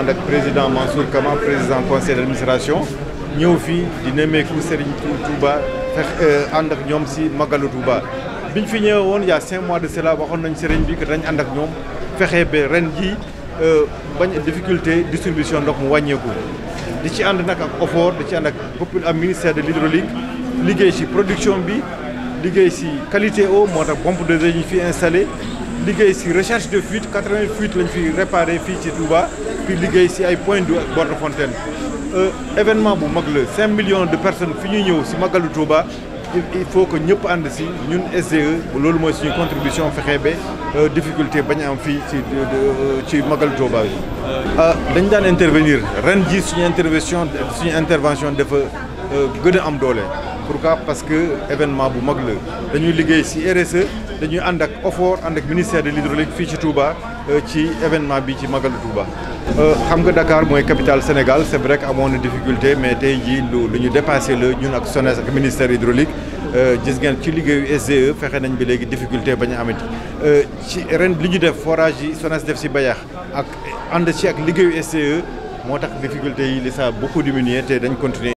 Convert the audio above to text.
ànd ak président Mansour Kama président conseil d' administration ñëw fii di nemmeeku Serigne Touba fex euh, ànd ak ñoom si Magalu Touba biñ fi ñëwee woon yaa a mois de cela waxoon nañ Serigne bi que dañ ànd ak ñoom fexe ba ren ji euh, bañ difficulté distribution ndox mu wàññeeku. di ci ànd nag ak OFOR di ci ànd ak popul am ministère de l' hydraulique liggéey si production bi liggéey si qualité eau moo tax pompe de ñu fi installé. liggéey si recherche de fuite 80 fuites lañ fi réparé fii ci Touba puis liggéey si ay point de borne fontaine euh, événement bu mag la 5 millions de personne fi ñuy ñëw si magalu Touba il faut que ñëpp ànd si ñun SDE loolu mooy suñu contribution fexee ba euh, difficulté bañ am fii ci euh, ci magalu Touba bi. dañ daan intervenir ren ji suñu intervention suñu intervention dafa gën a am doole pourquoi parce que événement bu mag la dañuy liggéey si RSE. dañuy ànd ak OFOR ànd ak ministère de l'hydraulique fii ci Touba euh, ci événement bi ci Magalu Touba. Euh, xam nga Dakar mooy capitale Sénégal c'est vrai que amoon na difficulté mais tey jii lu lu ñu dépassé la ñun ak SONES ak ministère hydraulique euh, gis ngeen ci liggéeyu SDE fexe nañ bi léegi difficulté bañ a amati ci ren li ñu def forage yi SONES def si bayax ak ànd ci ak liggéeyu SDE moo tax difficulté yi li ça beaucoup diminué te dañ continuer